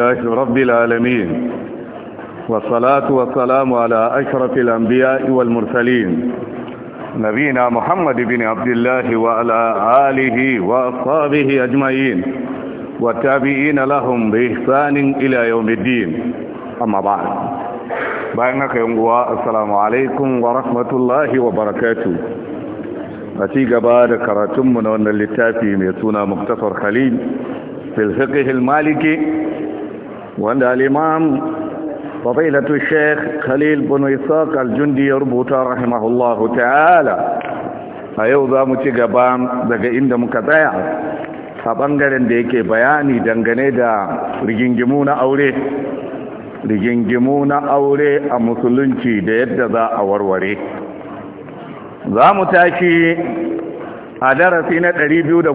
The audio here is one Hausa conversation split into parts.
الله رب العالمين والصلاة والسلام على أشرف الأنبياء والمرسلين نبينا محمد بن عبد الله وعلى آله وأصحابه أجمعين والتابعين لهم بإحسان إلى يوم الدين أما بعد بأنك ينقوى السلام عليكم ورحمة الله وبركاته أتي بعد كراتم من أن اللتافي ميسونا مختصر خليل في الفقه المالكي wanda al’imam imam fadilatu sheikh khalil bin isaq al-jundi ya rubuta rahimahullahu ta'ala a yau za mu ci gaba daga inda muka tsaya a bangaren da yake bayani dangane da rigingimu na aure rigingimu na aure a musulunci da yadda za a warware za mu tashi a darasi na 211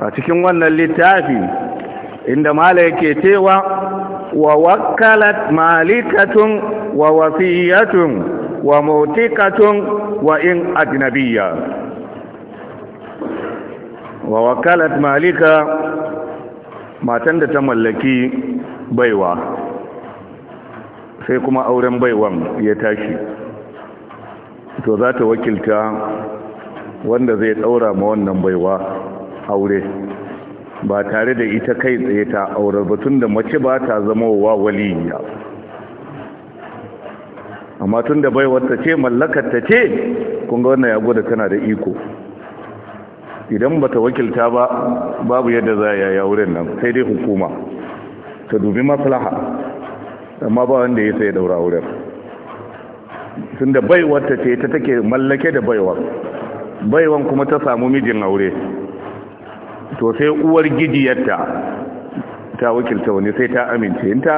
a cikin wannan littafi inda mala yake cewa wa wakkalat malikatun wa wasiyatun wa mutikatun wa in ajnabiyya wa wakkalat malika matan da ta mallaki baiwa sai kuma auren baiwan ya tashi to za ta wakilta wanda zai daura ma wannan baiwa aure ba tare da ita kai tsaye ta aure batun da mace ba ta zama wa waliya amma tun da bai ce mallakar ta ce kunga wannan ya gwada tana da iko idan bata wakilta ba babu yadda za a yaya wurin nan sai dai hukuma ta dubi maslaha amma ba wanda ya sai daura wurin tun da baiwar ta ce ta take mallake da baiwar baiwan kuma ta samu mijin aure to sai uwar gijiyarta ta wakilta wani sai ta amince in ta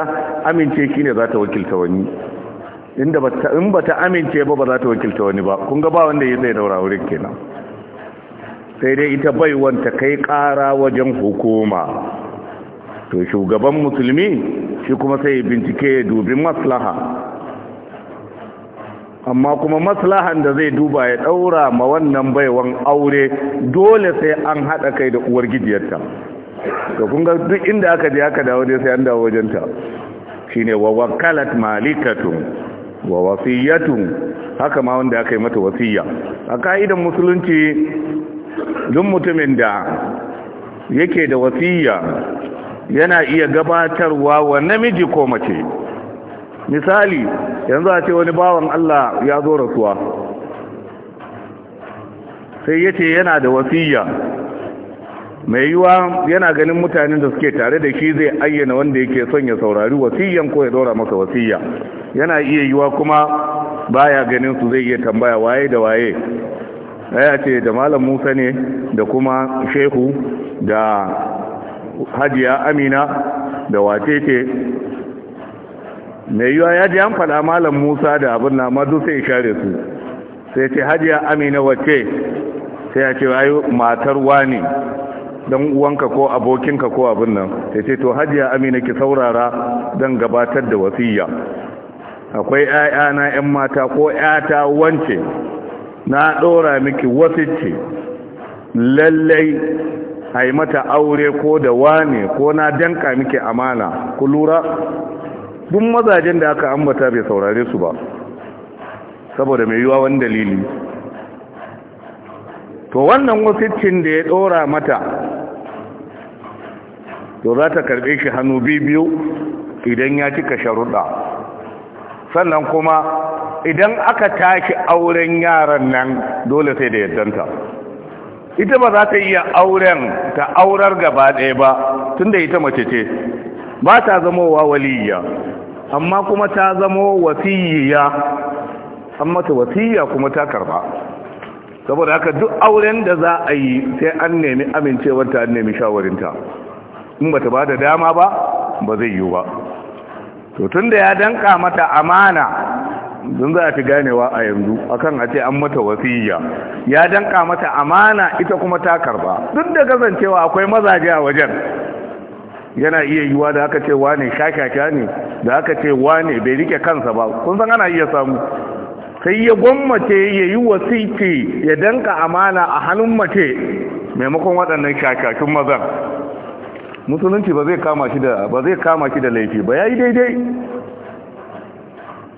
amince shine zata ta wakilta wani inda bata in bata amince ba ba ta wakilta wani ba Kunga ba wanda ya zai wurin kenan sai dai ita bai wanta kai kara wajen hukuma to shugaban musulmi shi kuma sai bincike ya dubi maslaha amma kuma maslahan da zai duba ya daura ma wannan baiwan aure dole sai an hada kai da uwar gidiyarta to kun ga duk inda aka je aka dawo dai sai an dawo wajenta shine wa wakalat malikatu wa wasiyatu haka ma wanda aka yi mata wasiya a ka'idan musulunci duk mutumin da yake da wasiya yana iya gabatarwa wa namiji ko mace misali yanzu a ce wani bawan Allah ya zo rasuwa sai ya ce yana da wasiya mai yiwuwa yana ganin mutanen da suke tare da shi zai ayyana wanda yake son ya saurari wasiyan ko ya dora masa wasiya yana iya yiwuwa kuma baya ganin su zai iya tambaya waye da waye ya ce da malam musa ne da kuma shehu da hajiya amina da wace ce mai yiwa ya ji an faɗa malam musa da abin na mazu sai share su sai ce hajiya amina wace sai ya ce ayo matar wani don uwanka ko abokinka ko abin nan sai ce to hajiya amina ki saurara don gabatar da wasiya akwai 'ya'yana 'yan mata ko 'yata wance na ɗora miki wasicci lallai a mata aure ko da wane ko na danka miki amana ku lura duk mazajen da aka ambata bai saurare su ba saboda mai yiwa wani dalili to wannan wasiccin da ya dora mata to za ta karbe shi hannu biyu idan ya cika sharuɗa sannan kuma idan aka tashi auren yaran nan dole sai da yaddanta ita ba za ta iya auren ta aurar gaba ɗaya ba tunda ita mace ce ba ta zama wa waliyya amma kuma ta zamo wasiyya an mata wasiyya kuma ta karba saboda haka duk auren da za a yi sai an nemi amincewarta an nemi shawarinta in bata ba da dama ba ba zai yi ba to tun da ya danka mata amana don za a fi ganewa a yanzu akan a ce an mata wasiyya ya danka mata amana ita kuma ta karba duk da kasancewa akwai mazaje a wajen yana iya yiwa da aka ce wane shakaka ne da aka ce wane bai rike kansa ba kun san ana iya samu sai ya gwammace ya yi wasiki ya danka amana a hannun mace maimakon waɗannan shashashun mazan musulunci ba zai kama shi da ba zai kama shi da laifi ba yayi daidai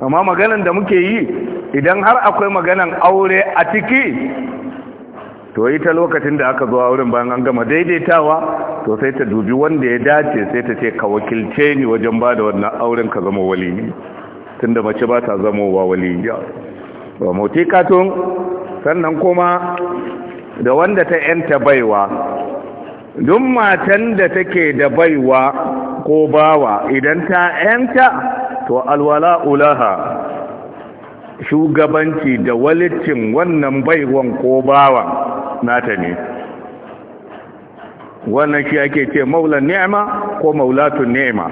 amma maganan da muke yi idan har akwai maganan aure a ciki to ta lokacin da aka zuwa wurin bayan an gama daidaitawa to sai ta dubi wanda ya dace sai ta ce ka wakilce ni wajen ba da wannan auren ka zama waliyi tunda mace ba ta zama wa waliyi ba mauti katon sannan kuma da wanda ta yanta baiwa duk matan da take da baiwa ko bawa idan ta yanta to alwala ulaha shugabanci da walicin wannan baiwan ko bawa. nata ne wannan shi ake ce maulan ni'ima ko maulatun ni'ima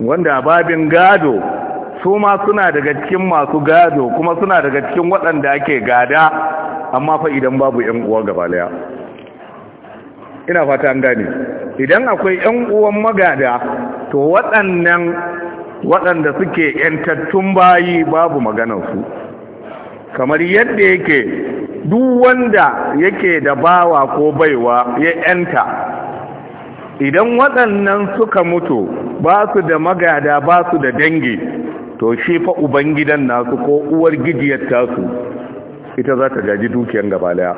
wanda babin gado su ma suna daga cikin masu gado kuma suna daga cikin waɗanda ake gada amma fa idan babu ƴan uwa gaba daya ina fata an gane idan akwai ƴan uwan magada to waɗannan waɗanda suke ƴantattun bayi babu maganar su kamar yadda yake duk wanda yake da bawa ko baiwa ya yanta idan waɗannan suka mutu ba su da magada ba su da dangi to shi fa ubangidan nasu ko uwar gidiyar tasu ita za ta gaji dukiyar gabalaya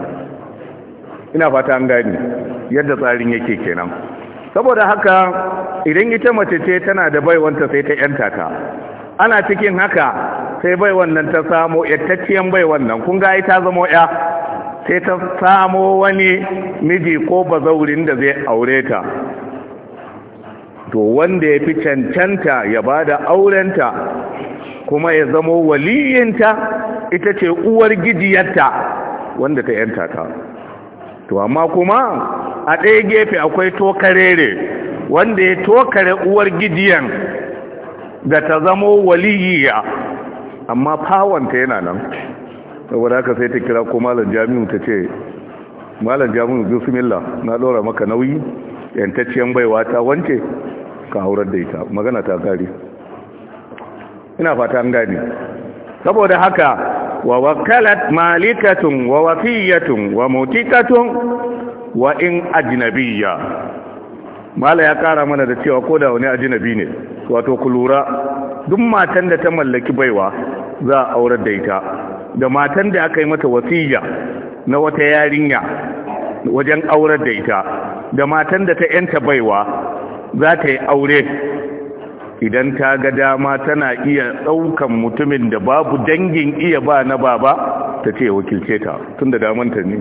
ina fata an gani yadda tsarin yake kenan saboda haka idan ita mace ce tana da baiwanta sai ta yanta ta ana cikin haka sai bai wannan ta samo yattacciyan bai wannan kun ga ta zama ya sai ta samo wani miji ko bazaurin da zai aure ta to wanda ya fi cancanta ya ba da aurenta kuma ya zamo waliyinta ita ce uwar gijiyarta wanda ta yanta ta to amma kuma a ɗaya gefe akwai tokarere wanda ya tokare uwar gijiyan da ta zama waliyiya amma fawanta yana nan saboda haka sai ta kira ko malam jami'u ta ce malam jami'u bismillah na dora maka nauyi yantacciyar baiwa ta wance ka haurar da ita magana ta gari ina fata an gani saboda haka wa wakalat malikatun wa wafiyatun wa mutikatun wa in ajnabiyya mala ya kara mana da cewa ko da wani ajnabi ne wato ku lura duk matan da ta mallaki baiwa za a aurar da ita da matan da aka yi mata wasiya na wata yarinya wajen aurar da ita da matan da ta yanta baiwa za ta yi aure idan ta ga dama tana iya ɗaukan mutumin da babu dangin iya ba na baba ta ce wakilce ta tun da damanta ne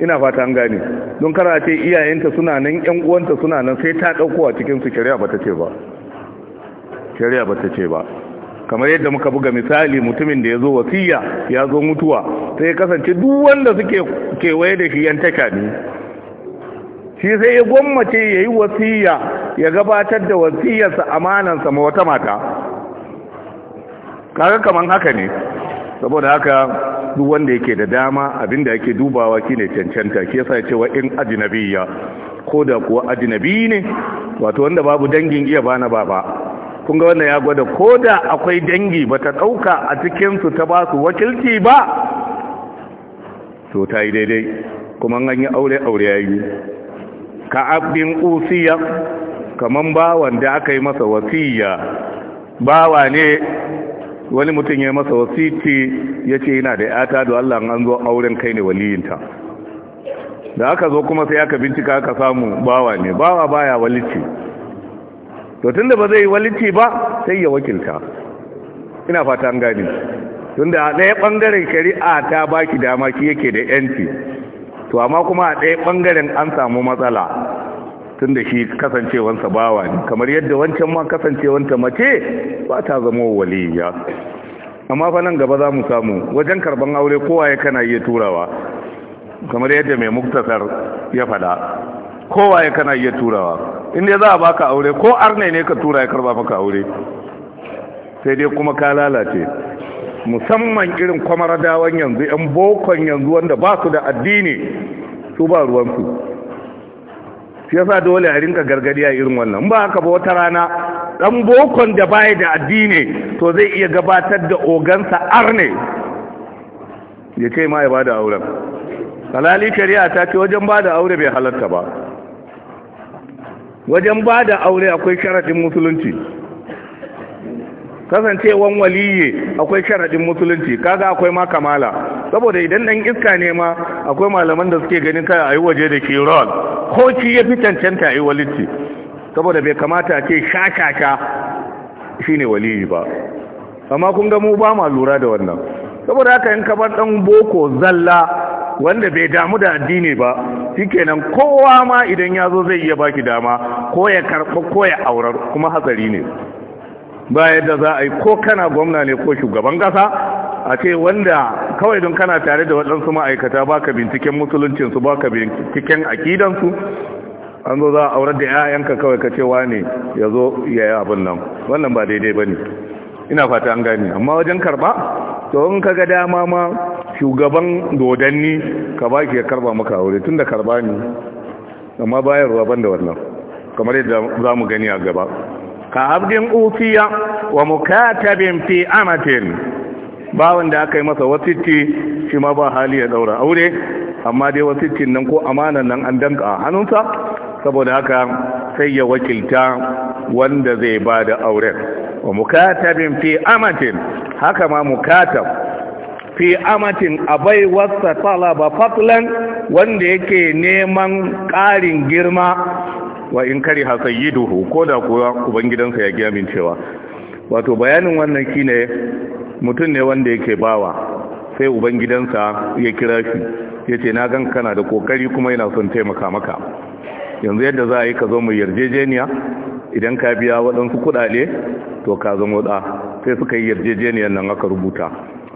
ina fata an gane don kara ce iyayenta suna nan yan uwanta suna nan sai ta ɗauko a cikinsu shari'a ba ta ce ba shari'a ba ta ce ba kamar yadda muka buga misali mutumin da ya zo wasiya ya zo mutuwa sai ya kasance duk wanda suke kewaye da shi 'yantaka ne shi sai ya gwammace ya yi wasiya ya gabatar da wasiyarsa amanansa ma wata mata kaga kaman haka ne saboda haka duk wanda yake da dama abinda yake dubawa shine cancanta ke yasa cewa in ajnabiyya ko da kuwa ajnabi ne wato wanda babu dangin iya bana baba kun ga wannan ya gwada ko da akwai dangi ba ta ɗauka a cikinsu ta ba su wakilci ba to ta yi daidai kuma an yi aure-aure ya yi ka abin usiya kaman bawan da aka yi masa wasiya bawa ne wani mutum ya masa wasiti ya ce yana da yata da Allah an zo auren kai ne waliyinta da aka zo kuma sai aka bincika aka samu bawa ne bawa baya walici to tunda ba zai walici ba sai ya wakilta ina fata an gani tunda a ɗaya ɓangaren shari'a ta baki dama ki yake da yanci to amma kuma a ɗaya ɓangaren an samu matsala tunda shi kasancewansa bawa ne kamar yadda wancan ma kasancewanta mace ba ta zama waliya amma fa nan gaba za mu samu wajen karban aure kowa ya kana iya turawa kamar yadda mai muktasar ya fada kowaye kana iya turawa inda za a baka aure ko arne ne ka tura ya karba maka aure sai dai kuma ka lalace musamman irin dawon yanzu yan bokon yanzu wanda ba su da addini su ba ruwansu shi yasa dole a rinka gargadiya irin wannan ba haka ba wata rana dan bokon da baya da addini to zai iya gabatar da ogansa arne ya ce ma ya bada auren halali shari'a ta ce wajen bada aure bai halarta ba wajen ba da aure akwai sharaɗin musulunci kasancewan waliye akwai sharaɗin musulunci kaga akwai ma kamala saboda idan ɗan iska ne ma akwai malaman da suke ganin kai a yi waje da ke rol ko ci ya fi cancanta a yi walici saboda bai kamata ce sha-sha-sha shi ne waliye ba amma kun ga mu ba ma lura da wannan saboda haka yin kabar ɗan boko zalla wanda bai damu da addini ba shikenan kowa ma idan ya zo zai iya baki dama ko ya karɓa ko ya aurar kuma hatsari ne ba yadda za a yi ko kana gwamna ne ko shugaban kasa. a ce wanda kawai don kana tare da waɗansu ma'aikata ba ka binciken musuluncinsu ba ka binciken akidansu an zo za a aurar da 'ya'yanka kawai ka cewa ne ya ya yi abin nan wannan ba daidai ba ne ina fata an gani amma wajen karba, to in ka ga dama ma shugaban dodanni ka ba ki ya karba maka aure tun da karba ne amma bayan rabon da wannan kamar yadda za mu gani a gaba ka abdin ufiya wa mukatabin fi amatin ba wanda aka yi masa wasitti shi ma ba hali ya daura aure amma dai wasittin nan ko amanan nan an danka a hannunsa saboda haka sai ya wakilta wanda zai ba da auren wa mukatabin fi amatin haka ma mukatab fi amatin abai wasa talaba fatlan wanda yake neman ƙarin girma wa in kari duhu ko da kuwa ubangidansa ya min cewa wato bayanin wannan shine mutum ne wanda yake bawa sai ubangidansa ya kira shi ya ce na gan kana da kokari kuma yana son taimaka maka yanzu yadda za a yi ka zo mu yarjejeniya idan ka biya waɗansu kuɗaɗe to ka zama ɗa sai suka yi yarjejeniyar nan aka rubuta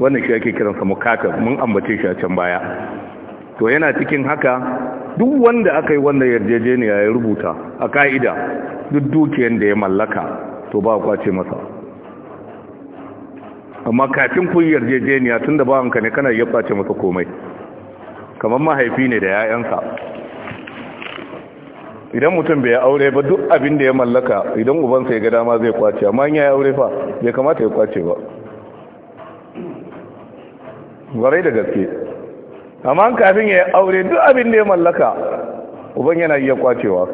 wannan shi ake kiransa mukatab mun ambace shi a can baya to yana cikin haka duk wanda aka yi wannan yarjejeniya ya rubuta a ka'ida duk dukiyar da ya mallaka to ba kwace masa amma kafin kun yarjejeniya tun da bawanka ne kana iya kwace masa komai kamar mahaifi ne da 'ya'yansa idan mutum bai aure ba duk abin da ya mallaka idan ubansa ya ga dama zai kwace amma ya aure fa bai kamata ya kwace ba gwarai da gaske amma kafin ya aure duk abin da ya mallaka uban yana iya kwacewa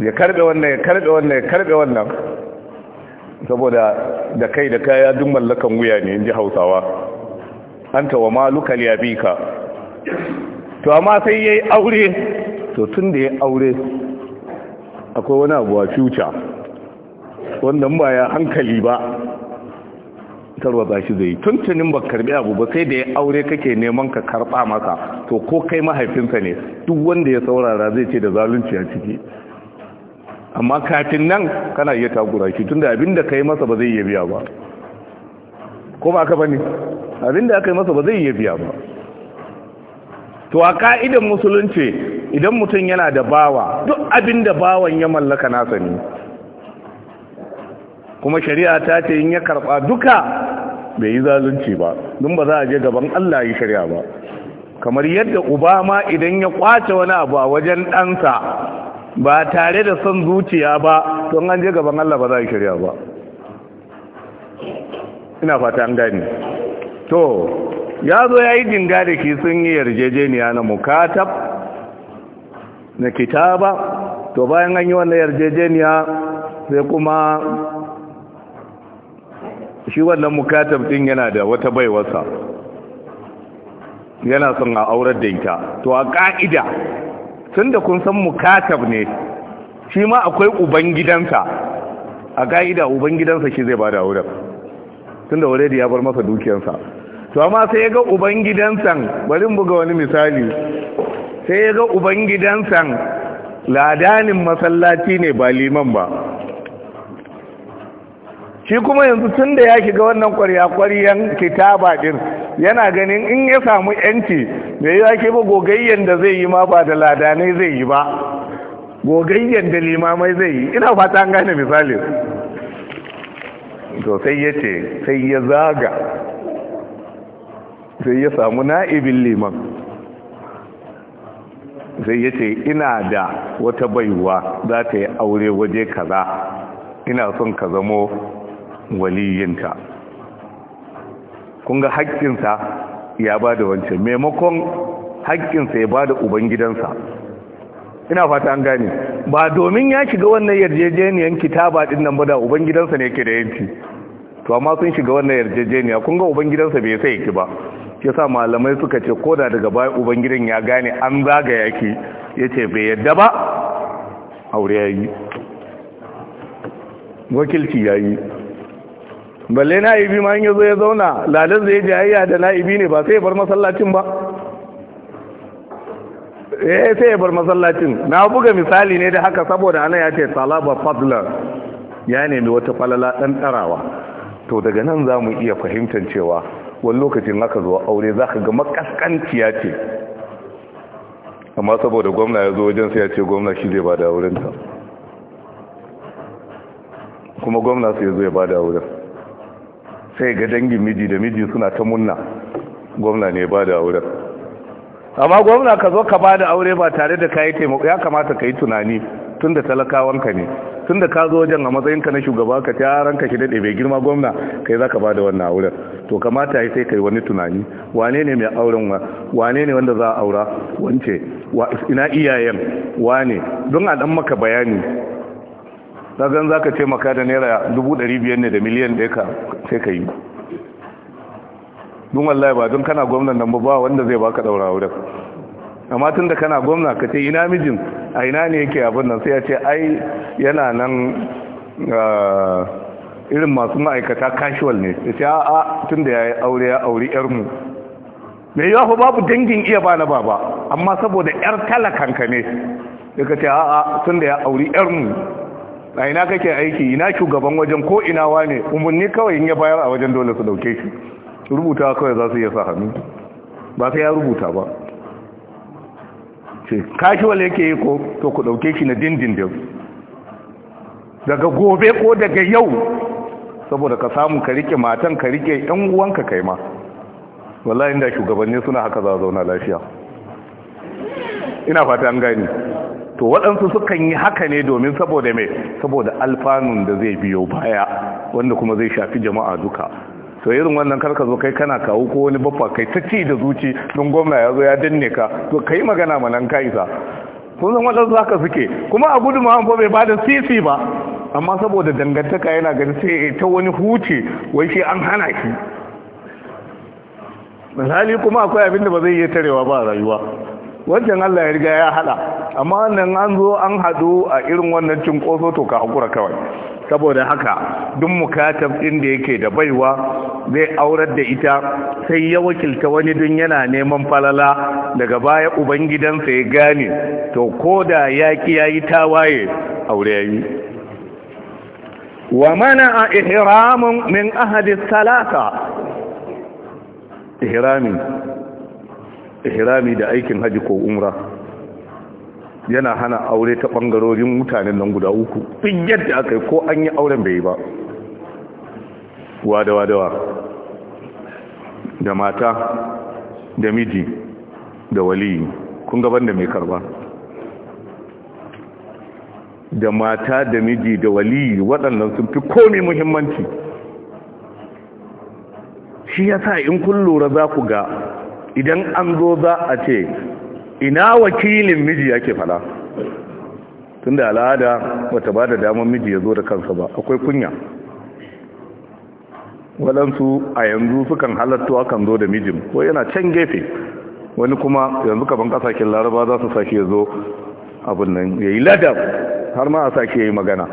ya karbe wannan ya karbe wannan ya karbe wannan saboda da kai da kaya duk mallakan wuya ne inji hausawa anta wa maluka liyabika to amma sai yayi aure to tun da ya aure akwai wani abu a future wanda ba ya hankali ba wa shi zai tuntunin ba karbi abu ba sai da ya aure kake neman ka karba maka to ko kai mahaifinsa ne duk wanda ya saurara zai ce da zalunci a ciki amma kafin nan kana iya takura shi tunda abinda ka yi masa ba zai iya biya ba ko ba ka bane abinda aka yi masa ba zai iya biya ba to a ka'idan musulunci idan mutum yana da bawa duk abinda bawan ya mallaka nasa ne kuma shari'a ta ce in ya karba duka bai yi zalunci ba don ba za a je gaban Allah yi shari'a ba kamar yadda uba idan ya kwace wani abu a wajen ɗansa ba tare da son zuciya ba don an je gaban Allah ba za a yi shari'a ba ina fata an gani to ya zo ya yi dinga da ke sun yi yarjejeniya na mukatab na kitaba to bayan an yi wannan yarjejeniya sai kuma shi wannan mukatab din yana da wata baiwarsa yana son a aurar da ita to a ka'ida tunda kun san mukatab ne shi ma akwai uban gidansa a ka'ida uban gidansa shi zai bada da tunda da ya bar masa dukiyarsa to amma sai ya ga uban gidansa bari mu ga wani misali sai ya ga uban gidansa ladanin masallaci ne ba liman ba shi kuma yanzu tun da ya shiga wannan kwarya-kwaryan kitaba din yana ganin in ya samu yanci da ya ke ba gogayyen da zai yi ma ba da ladanai zai yi ba gogayyen da limamai zai yi ina fata an gane misali to sai ya ce sai ya zaga sai ya samu na'ibin liman sai ya ce ina da wata baiwa za ta yi aure waje kaza ina son ka zamo Waliyinta kun ga haƙƙinsa ya ba da wancan maimakon haƙƙinsa ya ba da ubangidansa ina fata an gane ba domin ya shiga wannan yarjejeniyar kitaba din nan ba da ubangidansa ne ke da yanci to amma sun shiga wannan yarjejeniya kun ga ubangidansa bai sai yake ba ke yasa malamai suka ce ko da daga baya ubangidan ya gane an zaga yake ki yace bai yadda ba aure ya yi wakilci ya yi. balle na'ibi ma in ya zauna ladan zai ayya da na'ibi ne ba sai ya bar masallacin ba eh sai ya bar masallacin na buga misali ne da haka saboda ana ya ce Salaba fadla ya nemi wata falala dan tarawa to daga nan za mu iya fahimtar cewa wani lokacin haka zuwa aure za ka ga makaskanciya ce amma saboda gwamna ya zo wajen sai ya ce gwamna shi zai ba da wurinta kuma gwamna sai ya zo ya ba da wurin sai ga dangin miji da miji suna ta munna gwamna ne ba da auren amma gwamna ka zo ka ba da aure ba tare da kayi taimako ya kamata ka yi tunani tun da talakawanka ne tun da ka zo wajen a matsayinka na shugaba ka ta ah, ranka shi daɗe bai girma gwamna kai za ka ba da wannan auren to kamata ya sai ka yi wani tunani wane ne mai auren wa wane ne wanda za a aura wance ina iyayen wane don a ɗan maka bayani zan za ka taimaka da naira dubu ɗari biyar ne da miliyan ɗaya sai ka yi Dun wallahi ba don kana gwamnan nan ba wanda zai baka ɗaura wurin amma tun da kana gwamna ka ce ina mijin a ina ne yake abin nan sai ya ce ai yana nan ah, irin masu ma'aikata casual ne ya ce a'a tun da ya yi aure ya auri yarmu mai yawa fa babu dangin iya ba na baba amma saboda yar talakanka ne ya ce a'a tun da ya auri yarmu a ina kake aiki ina shugaban wajen ko ina wane umarni kawai in ya bayar a wajen dole su dauke shi rubuta kawai za su iya sa hannu ba sai ya rubuta ba ce kashi wale yake yi ko to ku dauke shi na dindindin daga gobe ko daga yau saboda ka samu ka rike matan ka rike yan uwanka kai ma wallahi inda shugabanni suna haka za zauna lafiya ina fata an gani to waɗansu sukan yi haka ne domin saboda mai saboda alfanun da zai biyo baya wanda kuma zai shafi jama'a duka to irin wannan karka zo kai kana kawo ko wani baffa kai ta ci da zuci don gwamna ya zo ya danne ka to kai magana ma nan ka isa kun san waɗansu haka suke kuma a gudu ma bai bada da sisi ba amma saboda dangantaka yana ganin sai ta wani huce wai shi an hana shi misali kuma akwai abin da ba zai iya tarewa ba rayuwa Wajen Allah ya riga ya hada amma wannan an zo an hadu a irin wannan cinkoso to ka hakura kawai saboda haka duk mukatab din da yake da baiwa zai aurar da ita sai ya wakilta wani dun yana neman falala daga baya ubangidansa ya gane to koda yaki yayi tawaye aure yayi wa mana ihramun min ahadi salata ihrami ihrami da aikin haji ko umra yana hana aure ta bangarorin mutanen nan guda uku duk yadda aka yi ko an yi auren bai ba wadawa da mata da miji da waliyi kun gaban da mai karba da mata da miji da waliyi waɗannan sun fi komi muhimmanci shi ya sa in kun lura za ku ga idan an zo za a ce ina wakilin miji yake fada tun da al'ada wata ba da damar miji ya zo da kansa ba akwai kunya waɗansu a yanzu sukan halattu kan zo da mijin ko yana can gefe wani kuma yanzu kaban ƙasashen laraba za su sake zo abin nan ya yi ladab har ma a sake ya yi magana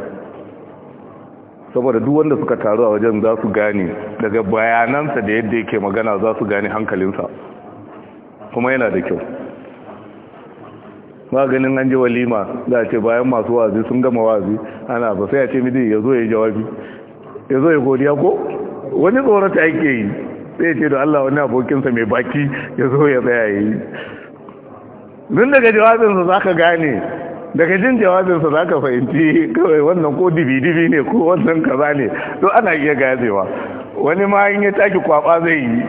saboda duk wanda suka taru a wajen za su gane daga bayanansa da yadda yake magana za su gane hankalinsa kuma yana da kyau maganin an ji walima da ce bayan masu wazi sun gama wazi ana ba sai a ce midi ya zo ya jawabi ya zo ya godiya ko wani ta ake yi sai ce da Allah wani abokinsa mai baki ya zo ya tsaya yi don daga jawabinsa za ka gane daga jin jawabinsa za ka fahimci kawai wannan ko dibi-dibi ne ko wannan kaza ne don ana iya gazewa wani ma in ya taki kwaba zai yi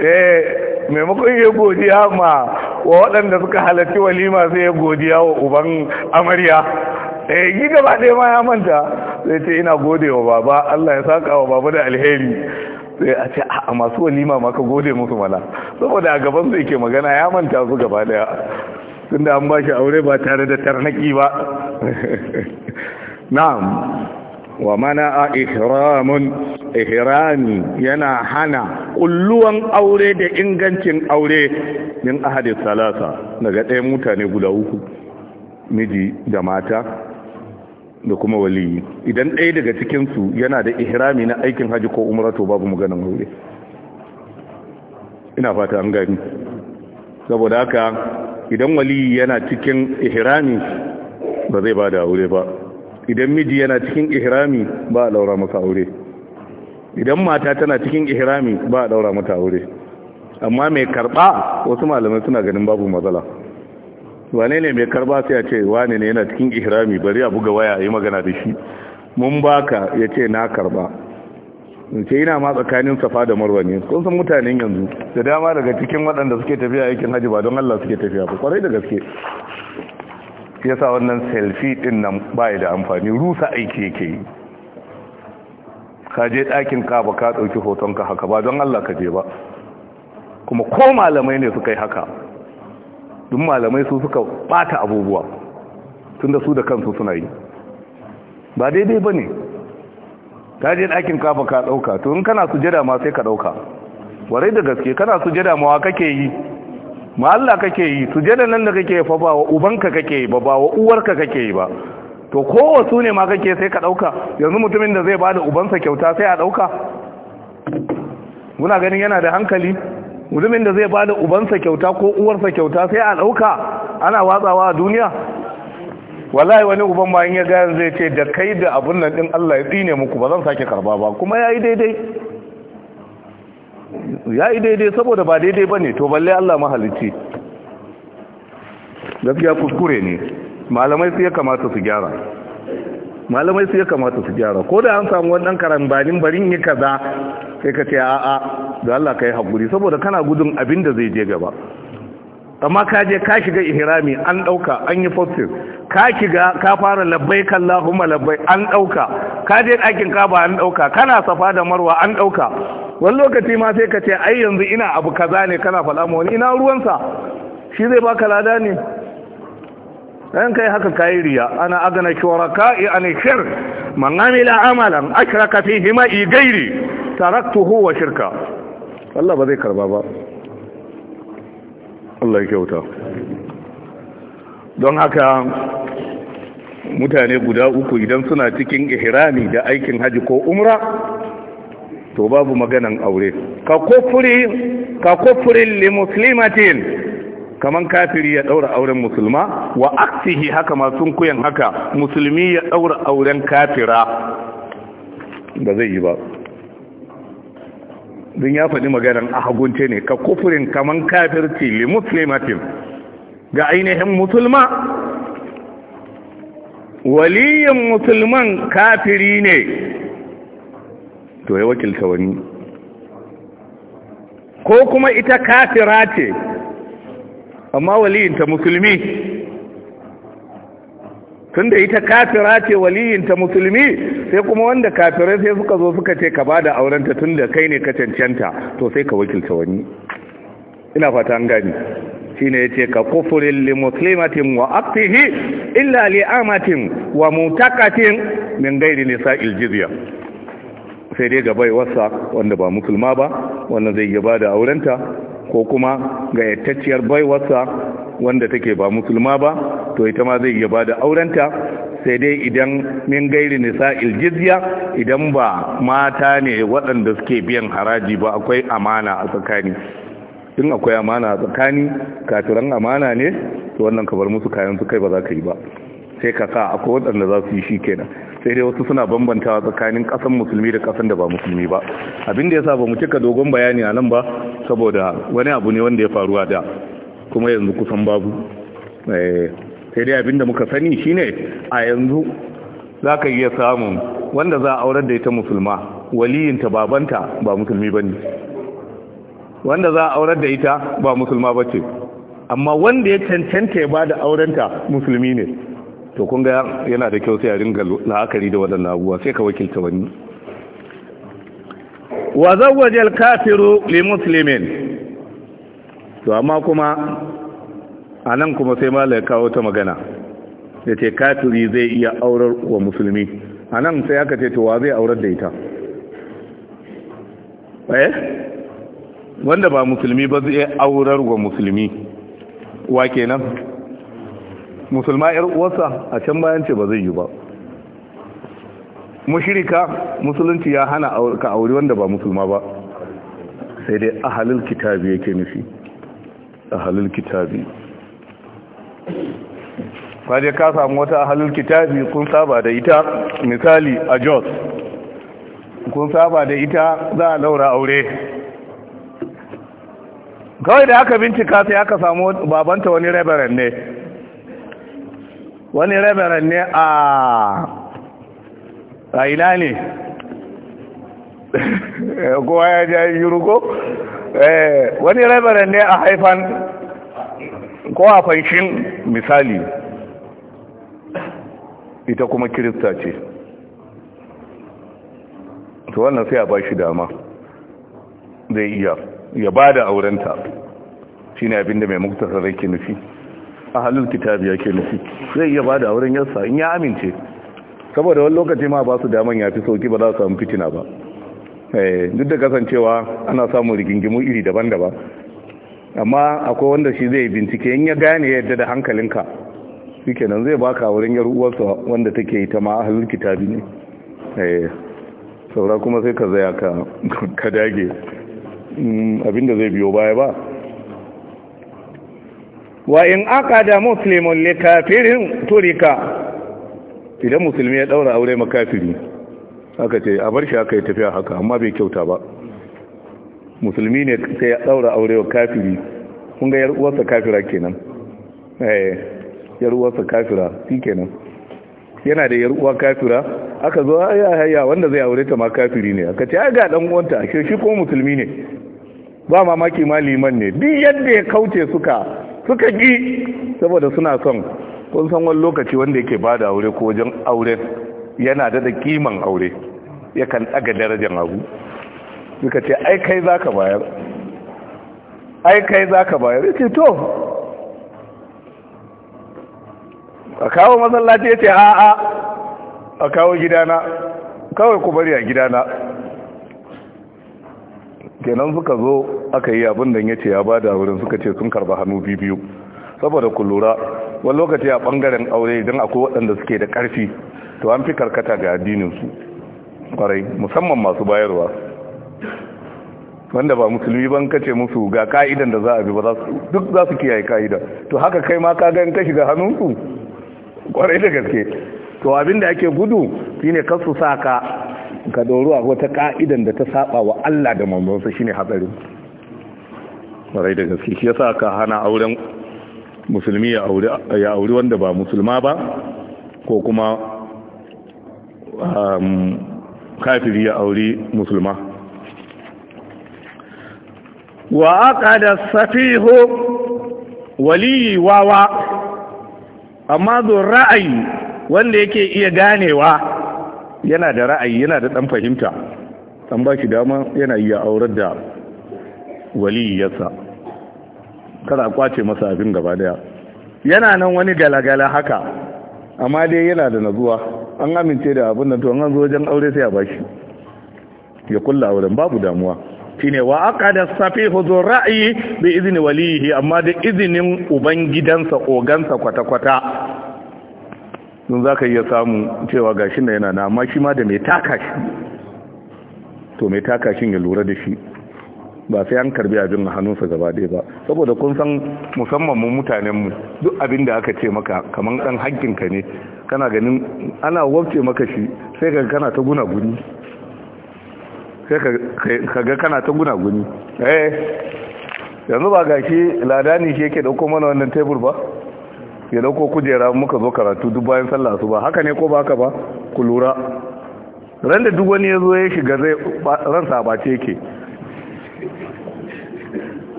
eh maimakon ya godiya ma wa waɗanda suka halarci walima sai ya godiya wa uban amarya eh yi gaba ɗaya ma ya manta sai ce ina gode wa baba Allah ya saka wa baba da alheri sai a ce a masu walima ma ka gode musu mana saboda a gaban su yake magana ya manta su gaba ɗaya tunda an ba shi aure ba tare da tarnaki ba na'am wa mana a ihramun ihrami yana hana kulluwan aure da ingancin aure min ahadi salasa daga ɗaya mutane guda uku miji da mata da kuma waliyi idan ɗaya daga cikinsu yana da ihrami na aikin haji ko umra to babu maganin aure ina fata an gani saboda haka idan waliyi yana cikin ihrami ba zai ba da aure ba idan miji yana cikin ihrami ba a daura masa aure idan mata tana cikin ihrami ba a daura mata aure amma mai karba wasu malamai suna ganin babu matsala wane ne mai karba sai ya ce wane ne yana cikin ihrami bari a buga waya yi magana da shi mun baka ya ce na karba ce yana ma tsakanin safa da marwa ne kun san mutanen yanzu da dama daga cikin waɗanda suke tafiya aikin hajji ba don Allah suke tafiya ba kwarai da gaske ya yasa wannan selfie din nan bai da amfani rusa aiki yake yi ka je ɗakin ka ba ka ɗauki hotonka haka ba don Allah ka je ba kuma ko malamai ne suka yi haka duk malamai su suka bata abubuwa tun da su da kansu suna yi ba daidai ba ne Ka je ɗakin ba ka ɗauka to in kana jada ma sai ka ɗauka warai da gaske kana sujada mawa kake yi ma Allah kake yi sujada nan da kake fa ba wa ubanka kake yi ba ba wa uwarka kake yi ba to ko ne ma kake sai ka dauka yanzu mutumin da zai bada ubansa kyauta sai a dauka muna ganin yana da hankali mutumin da zai bada ubansa kyauta ko uwarsa kyauta sai a dauka ana watsawa a duniya wallahi wani uban bayan ya ga zai ce da kai da abun nan din Allah ya tsine muku ba zan sake karba ba kuma yayi daidai ya yi daidai saboda ba daidai ba ne to balle Allah mahalicci gaskiya kuskure ne malamai su ya kamata su gyara malamai su ya kamata su gyara ko da an samu wannan karambanin barin yi kaza sai ka ce a'a da Allah ka yi haƙuri saboda kana gudun abin da zai je gaba amma ka je ka shiga ihrami an ɗauka an yi fosfin ka shiga ka fara labbai kallahumma labbai an ɗauka ka je ɗakin ka ba an ɗauka kana safa da marwa an ɗauka wani lokaci ma sai ka ce ai yanzu ina abu kaza ne kana faɗa ma wani ina ruwansa shi zai baka lada ne dan kai haka kai riya ana agana shuraka'i an shirk man amila amalan ashraka fihi ma gairi taraktuhu wa shirka Allah ba zai karba ba Allah ya kyauta don haka mutane guda uku idan suna cikin ihrami da aikin haji ko umra to babu maganan aure ka kufuri ka li muslimatin kaman kafiri ya daura auren musulma wa aksihi haka ma sun kuyan haka musulmi ya daura auren kafira ba zai yi ba din ya faɗi maganan a hagunce ne ka kufurin kaman kafirci li muslimatin ga ainihin musulma waliyin musulman kafiri ne to ya wakilta wani ko kuma ita kafira ce amma waliyinta musulmi tunda ita kafira ce waliyinta musulmi sai kuma wanda kafirai sai suka zo suka ce ka bada aurenta tunda kai ne ka cancanta to sai ka wakilta wani ina fata an gani shine yace ka kufurin li muslimatin wa aqtihi illa li amatin wa mutaqatin min ghairi nisa'il jizya sai dai ga baiwarsa wanda ba musulma ba wanda zai iya da aurenta ko kuma ga yattacciyar baiwarsa wanda take ba musulma ba to ita ma zai iya da aurenta sai dai idan min gairi nisa'il jizya idan ba mata ne waɗanda suke biyan haraji ba akwai amana a tsakani in akwai amana a tsakani katuran amana ne to wannan ka musu kayan su kai ba za ka yi ba sai ka sa akwai waɗanda za su yi shi kenan sai dai wasu suna bambantawa tsakanin ƙasan musulmi da ƙasan da ba musulmi ba abinda da ya sa ba mu cika dogon bayani a nan ba saboda wani abu ne wanda ya faruwa da kuma yanzu kusan babu eh, sai dai abinda muka sani shi ne a yanzu za ka iya samun wanda za a aurar da ita musulma waliyinta babanta ba musulmi ba ne wanda za a aurar da ita ba musulma ba ce amma wanda ya cancanta ya ba da aurenta musulmi ne to kun ga yana da kyau sai a ringa la'akari da waɗannan abubuwa sai ka wakilta wani wa zawwaja al-kafiru li muslimin to amma kuma anan kuma sai malaka kawo ta magana yace kafiri zai iya aurar wa musulmi anan sai aka ce to wa zai aurar da ita eh wanda ba musulmi ba zai aurar wa musulmi wa kenan musulma yar uwarsa a can bayan ce ba zai yi ba mushrika musulunci ya hana ka aure wanda ba musulma ba sai dai ahalul kitabi yake nufi ahalul kitabi kwaje ka samu wata ahalul kitabi kun saba da ita misali a jos kun saba da ita za a laura aure kawai da aka bincika sai aka samu babanta wani reverend ne wani rabaran ne a ra'ina ne kowa ya ja ruko eh, wani rabaran ne a haifan ko a fanshin misali ita kuma kirista ce to wannan sai a ba shi dama zai iya ya ba da aurenta shi ne abinda mai muktasar rake nufi A halin kitabi yake nufi zai iya bada wurin yarsa in ya amince saboda wani lokaci ma ba su daman ya fi sauki ba za su samu fitina ba eh, duk da kasancewa ana samun rigingimu iri daban-daban amma akwai wanda shi zai bincike in ya gane yadda da hankalinka shi kenan zai baka wurin yar uwarsa wanda take ta ma ahalul kitabi ne eh, saura kuma sai ka zaya ka dage mm, abinda zai biyo baya ba wa in aka muslimun li kafirin turika idan musulmi ya daura aure makafiri aka ce a bar shi aka yi tafiya haka amma bai kyauta ba musulmi ne sai ya daura aure wa kafiri kun ga yaruwarsa kafira kenan eh yaruwarsa kafira shi kenan. yana da yaruwa uwa kafira aka zo ya haya wanda zai aure ta ma kafiri ne aka ce ai ga dan uwanta shi shi ko musulmi ne ba mamaki ma liman ne duk yadda ya kauce suka suka gi saboda suna son kun san wani lokaci wanda yake ba da aure ko wajen aure yana da da kiman aure ya kan daga darajar abu suka ce ai kai za ka bayar ai kai za ka bayar ya ce to a kawo masallaci ya ce a'a a kawo gidana kawai ku bari a gidana kenan suka zo aka yi abin da ce ya bada wurin suka ce sun karba hannu biyu saboda ku lura wani lokaci a bangaren aure idan akwai waɗanda suke da ƙarfi to an fi karkata ga addinin su kwarai musamman masu bayarwa wanda ba musulmi ban kace musu ga ka'idan da za a bi ba duk za su kiyaye ka'ida to haka kai ma ka ga in ka shiga hannunsu kwarai da gaske to abinda ake gudu shine kasu sa ka ka doru a wata ka'idan da ta saba wa Allah da mamansa shine hatsari. marai da gaske shi yasa ka hana auren musulmi ya auri wanda ba musulma ba ko kuma um, kafiri ya auri musulma wa aqada safihu wali wawa amma zo ra'ayi wanda yake iya ganewa yana da ra'ayi yana da ɗan fahimta an ba shi dama yana iya aurar da waliyyarsa kada a kwace masa abin gaba daya yana nan wani galagala haka amma dai yana da nazuwa an amince da abin nan to an zo wajen aure sai a shi. ya kulla auren babu damuwa shine wa aqada safihu zu ra'yi bi izini walihi amma da izinin ubangidansa ogansa kwata kwata sun za ka iya samu cewa gashin da yana na amma shi ma da mai taka shi to mai taka shi ya lura da shi ba sai an karbi abin a hannunsa gaba ɗaya ba saboda kun san musamman mu mutanenmu duk abin da aka ce maka kamar ɗan hankinka ne kana ganin ana wabce maka shi sai ka kana ta guna guni sai ka ga kana ta guna guni eh yanzu ba gashi ladani shi yake dauko mana wannan tebur ba ya dauko kujera muka zo karatu duk bayan sallah su ba haka ne ko ba haka ba ku lura ran da duk wani ya zo ya shiga zai ransa ba ce yake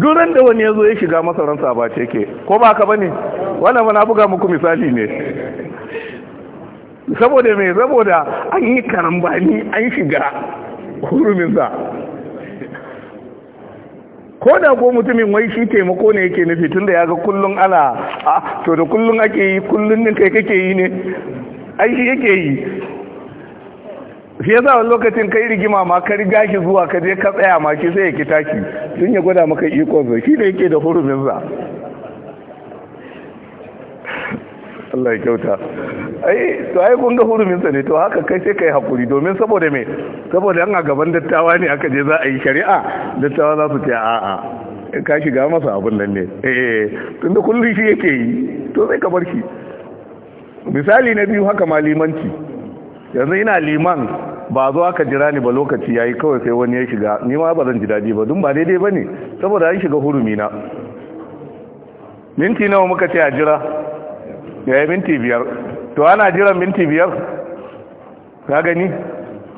duk ran da wani ya zo ya shiga masa ransa ba ce yake ko ba haka bane wannan na buga muku misali ne saboda me saboda an yi karambani an shiga hurumin sa ko da ko mutumin wai shi taimako ne yake nufi da ya ga kullum ana a ah, to da kullum ake yi kullum din kai kake yi ne ai shi yake yi fiye yasa lokacin kai rigima ma ka riga shi zuwa ka je ka tsaya ma shi sai ya ki taki tun ya gwada maka ikon sa shi da yake da hurumin sa Allah ya kyauta ai to ai kun ga hurumin sa ne to haka kai sai kai hakuri domin saboda me saboda an a gaban dattawa ne aka je za a yi shari'a dattawa za su ce a'a ka shiga masa abin nan ne eh tunda kullum shi yake yi to sai ka bar shi misali na biyu haka ma limanci yanzu ina liman ba zo aka jira ni ba lokaci yayi kawai sai wani ya shiga ni ma ba zan ji dadi ba dun ba daidai bane saboda an shiga hurumi na minti nawa muka ce a jira yayi minti biyar to ana jiran minti biyar ka gani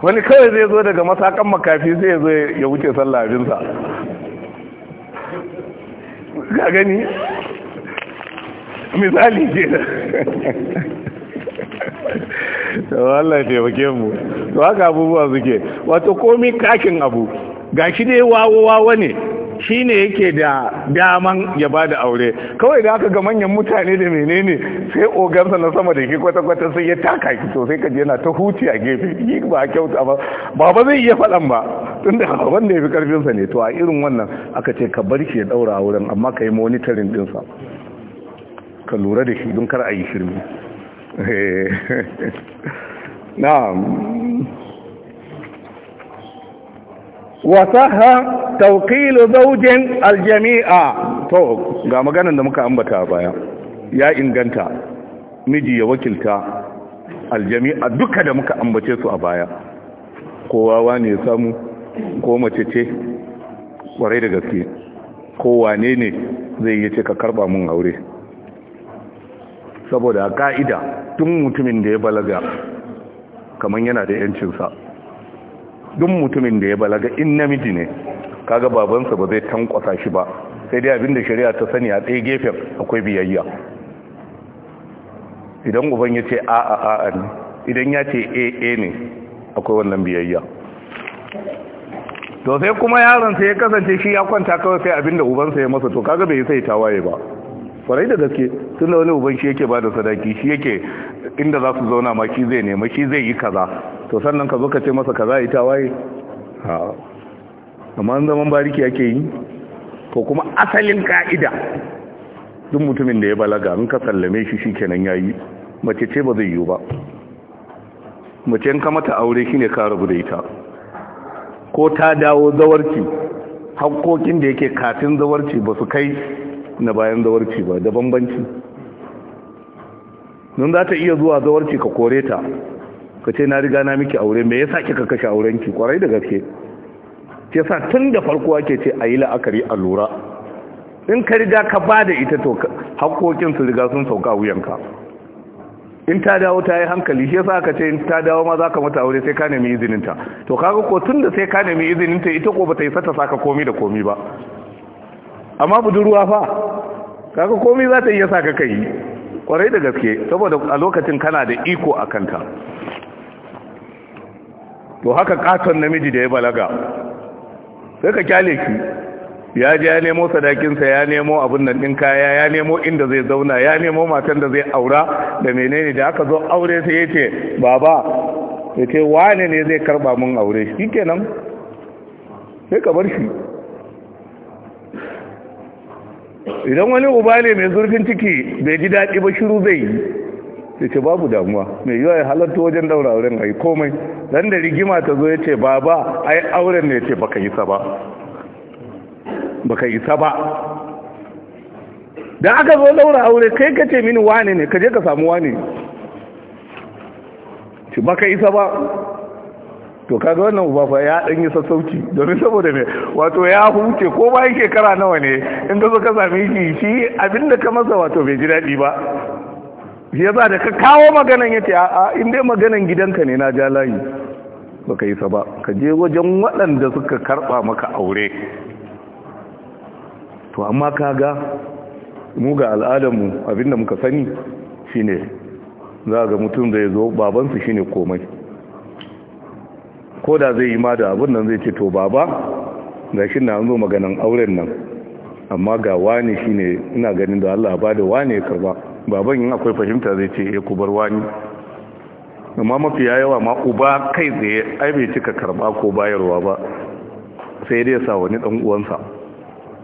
wani kawai zai zo daga masakan makafi zai zo ya wuce sallah abinsa ka gani misali ke da Allah taimake mu to haka abubuwa suke wato komi kakin abu Ga shi dai wawo wawo ne Shi ne yake da daman ya ba da aure kawai da aka ga manyan mutane da menene sai ogansa na sama da ke kwata-kwata sai ya taka ki sosai sai ka jena ta huci a gefe yi ba a kyauta ba baba zai iya faɗan ba tunda wanda ya fi karfinsa ne to a irin wannan aka ce ka bar shi ya daura wurin, amma ka yi monitorin ɗinsa ka lura da shi don kar a yi shirme wasaha tauƙilu zaujin aljami'a to ga maganar da muka ambata baya ya inganta miji ya wakilta aljami'a duka da muka ambace su a baya kowa wane ya samu ko mace ce kwarai da gaske ko wane ne zai yi ce ka karba mun aure saboda ka'ida tun mutumin da ya balaga kamar yana da 'yancinsa duk mutumin da ya balaga in namiji ne kaga babansa ba zai tankwasa shi ba sai dai abinda shari'a ta sani a tsaye gefen akwai biyayya idan uban ya ce a a a ne idan ya ce a e, a e ne akwai wannan biyayya to sai kuma yaron sai ya kasance shi ya kwanta kawai sai abinda ubansa ya masa to kaga bai sai tawaye ba farai da gaske tun da wani uban shi yake ba da sadaki shi yake inda za su zauna ma shi zai nema shi zai yi kaza to sannan ka zo ka ce masa kaza ita waye amma an zaman bariki ake yi ko kuma asalin ka'ida duk mutumin da ya balaga in ka sallame shi shi kenan ya yi mace ce ba zai yiwu ba mace in ka mata aure shi ne ka rabu da ita ko ta dawo zawarci hakkokin da yake kafin zawarci ba su kai na bayan zawarci ba da bambanci nun za ta iya zuwa zawarci ka kore ta ka ce na riga na miki aure me yasa kika kashe aurenki kwarai da gaske ke sa tun da farko ake ce a yi la'akari a lura in ka riga ka ba da ita to haƙoƙin su riga sun sauka wuyanka in ta dawo ta yi hankali shi yasa aka ce in ta dawo ma za ka mata aure sai ka nemi izininta to kaga ko tun da sai ka nemi izininta ita ko ba ta yi sata saka komi da komi ba amma budurwa fa kaga komai za ta iya saka kai kwarai da gaske saboda a lokacin kana da iko a kanta to haka katon namiji da ya balaga sai ka kyale shi ya ji ya nemo sadakinsa ya nemo abin nan ɗin kaya ya nemo inda zai zauna ya nemo matan da zai aura da menene da aka zo aure sai ya ce baba ya ce wane ne zai karba mun aure shi kenan sai ka bar shi idan wani uba ne mai zurfin ciki bai ji daɗi ba shiru zai yi ya ce babu damuwa mai wa ya halatta wajen daura auren a yi komai dan da rigima ta zo ya ce ba ba yi auren ne ya ce baka isa ba baka isa ba Da aka zo daura aure kai ka ce mini wane ne ka je ka samu wane ce baka isa ba to kaga wannan uba fa ya dan yi sassauci domin saboda ne wato ya huce ko bayan shekara nawa ne in ka zo ka same shi shi abinda ka masa wato bai ji daɗi ba shi za da ka kawo maganan yace a a in dai maganan gidanka ne na ja layi baka yi sa ba ka je wajen waɗanda suka karɓa maka aure to amma kaga mu ga al'adar mu abinda muka sani shine za ga mutum da ya zo babansu shine komai ko da zai yi ma da abin nan zai ce to baba ga shi na zo maganin auren nan amma ga wani shi ne ina ganin da Allah ba da wani ya karba baban yin akwai fahimta zai ce ya eh, kubar wani amma mafi yawa ma uba kai tsaye ai bai cika karba ko bayarwa ba sai dai sa wani dan uwansa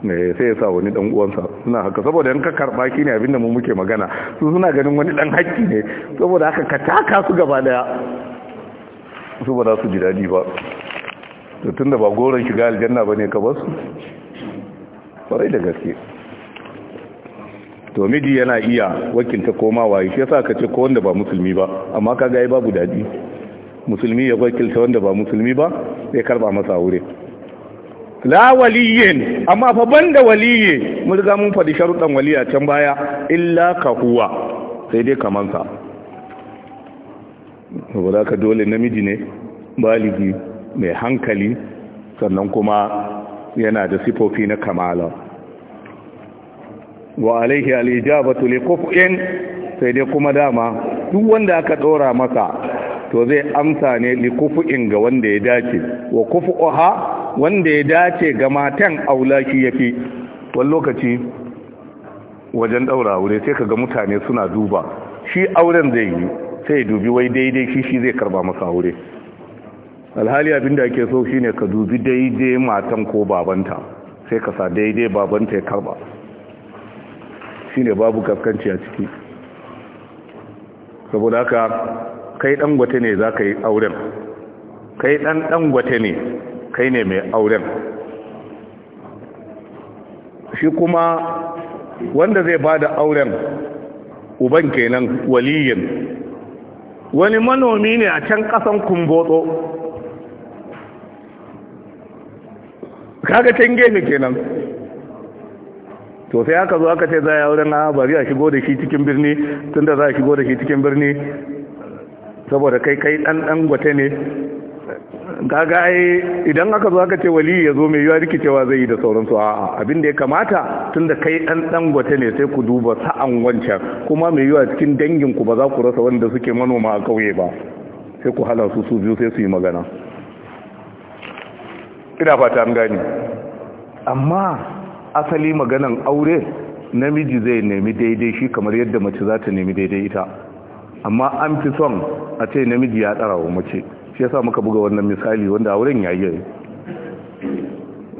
ne eh, sai ya sa wani dan uwansa suna haka saboda in ka karba shi ne abinda mu muke magana su suna ganin wani dan hakki ne saboda haka ka taka su gaba daya su ba za su ji daɗi ba tun da ba goron shiga aljanna ba ne ka basu farai da gaske to midi yana iya wakilta komawa shi sa ka ce ko wanda ba musulmi ba amma ka ga babu daɗi musulmi ya wakilta wanda ba musulmi ba zai karɓa masa wuri la waliyin amma fa banda waliyyi mun ga mun faɗi sharuɗan waliya can baya illa ka huwa sai dai kamansa saboda ka dole namiji ne baligi mai hankali sannan kuma yana da sifofi na kamala wa alaihi alijabatu liquf'in sai dai kuma dama duk wanda aka dora masa to zai amsa ne liquf'in ga wanda ya dace wa kuf'uha wanda ya dace ga matan aulaki yafi wani lokaci wajen daura wure sai kaga mutane suna duba shi auren zai yi sai ya dubi wai daidai shi shi zai karba masa aure alhali abin da ake so shine ka dubi daidai matan ko babanta sai ka sa daidai babanta ya karba Shi ne babu gaskanci a ciki saboda haka kai dan gwate ne za ka yi auren kai dan dan gwate ne kai ne mai auren shi kuma wanda zai ba da auren uban kenan waliyin wani manomi ne a can kasan kumboto kaga can gefe kenan to sai aka zo aka ce za a wurin na ah, bari a shigo da shi cikin birni tunda za a shigo da shi cikin birni saboda kai kai ɗan ɗan gwate ne kaga idan aka zo aka ce wali ya zo mai yiwa rikicewa zai yi da sauransu a abin da ya kamata tun da kai ɗan dangote ne sai ku duba sa'an wancan kuma mai yiwa cikin dangin ku ba za ku rasa wanda suke manoma a kauye ba sai ku hala su su biyu sai su yi magana ina fata an gani amma asali maganan aure namiji zai nemi daidai shi kamar yadda mace za ta nemi daidai ita amma an fi son a ce namiji ya tsara wa mace shi yasa muka buga wannan misali wanda auren yayi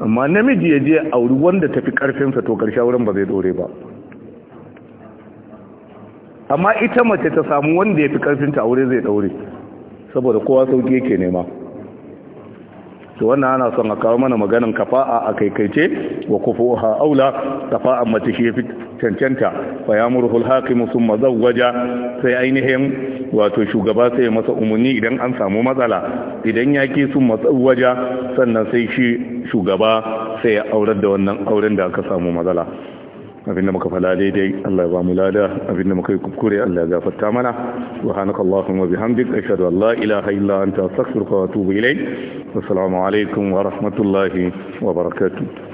amma namiji ya je auri wanda tafi karfinsa to karshe auren ba zai dore ba amma ita mace ta samu wanda ya fi karfinta aure zai daure saboda kowa sauke yake nema to wannan ana son a kawo mana maganin kafa'a a kaikaice wa kufuha aula kafa'an mace shi fi cancanta fa ya murhul hakim summa zawwaja sai ainihin wato shugaba sai masa umarni idan an samu matsala idan yaki sun zawwaja sannan sai shi shugaba sai ya aurar da wannan auren da aka samu matsala abinda muka fada daidai Allah ya ba mu lada abinda muka yi kukure Allah ya gafarta mana subhanakallahumma bihamdik ashhadu an la ilaha illa anta astaghfiruka wa atubu ilayk assalamu alaikum wa rahmatullahi wa barakatuh